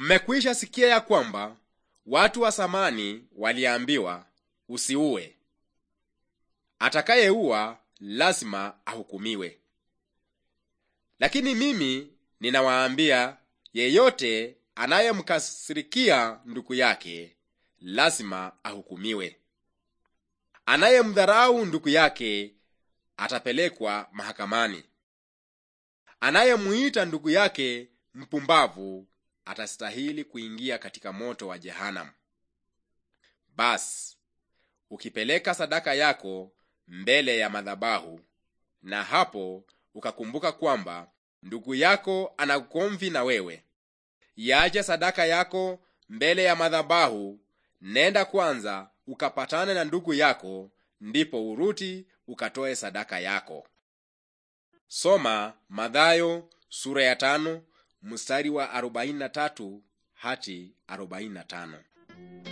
Mmekwisha sikia ya kwamba watu wa zamani waliambiwa, usiue, atakayeua lazima ahukumiwe. Lakini mimi ninawaambia, yeyote anayemkasirikia ndugu yake lazima ahukumiwe. Anayemdharau ndugu yake atapelekwa mahakamani. Anayemuita ndugu yake mpumbavu atastahili kuingia katika moto wa Jehanamu. Basi ukipeleka sadaka yako mbele ya madhabahu, na hapo ukakumbuka kwamba ndugu yako ana komvi na wewe, yaja sadaka yako mbele ya madhabahu, nenda kwanza ukapatane na ndugu yako, ndipo uruti ukatoe sadaka yako. Soma Mathayo sura ya tano mstari wa 43 hati 45.